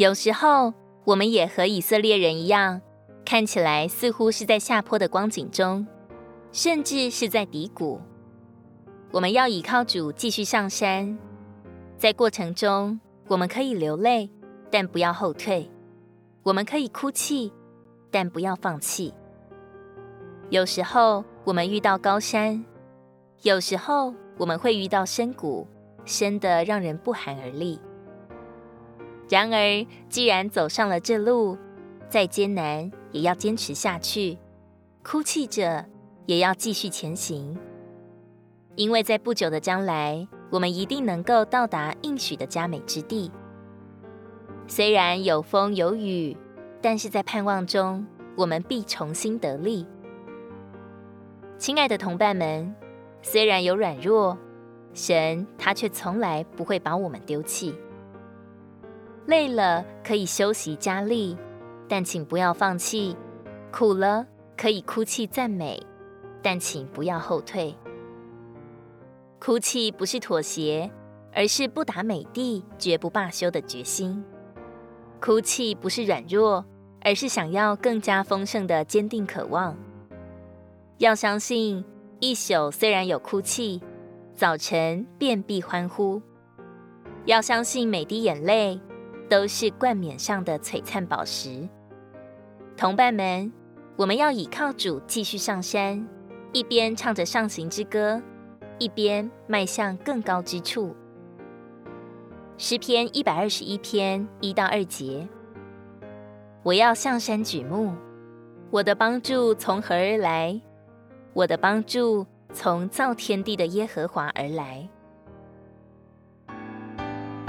有時候，我們也和以色列人一樣，看起來似乎是在下坡的光景中，甚至是在低谷。我們要依靠主繼續上山，在過程中，我們可以流淚，但不要後退；我們可以哭泣，但不要放棄。有時候我們遇到高山，有時候我們會遇到深谷，深得讓人不寒而慄。然而，既然走上了這路，再艱難也要堅持下去。哭泣着也要繼續前行，因為在不久的將來，我們一定能夠到達應許的佳美之地。雖然有風有雨，但是在盼望中，我們必重新得力。親愛的同伴們，雖然有軟弱，神祂卻從來不會把我們丟棄。累了可以休息加力，但請不要放棄；苦了可以哭泣讚美，但請不要後退。哭泣不是妥協，而是不達美地絕不罷休的決心；哭泣不是軟弱，而是想要更加豐盛的堅定渴望。要相信，一宿雖然有哭泣，早晨便必歡呼；要相信，每滴眼淚，都是冠冕上的璀璨寶石，同伴們，我們要倚靠主繼續上山，一邊唱着上行之歌，一邊邁向更高之處。詩篇一百二十一篇一到二節：我要向山舉目，我的幫助從何而來？我的幫助從造天地的耶和華而來。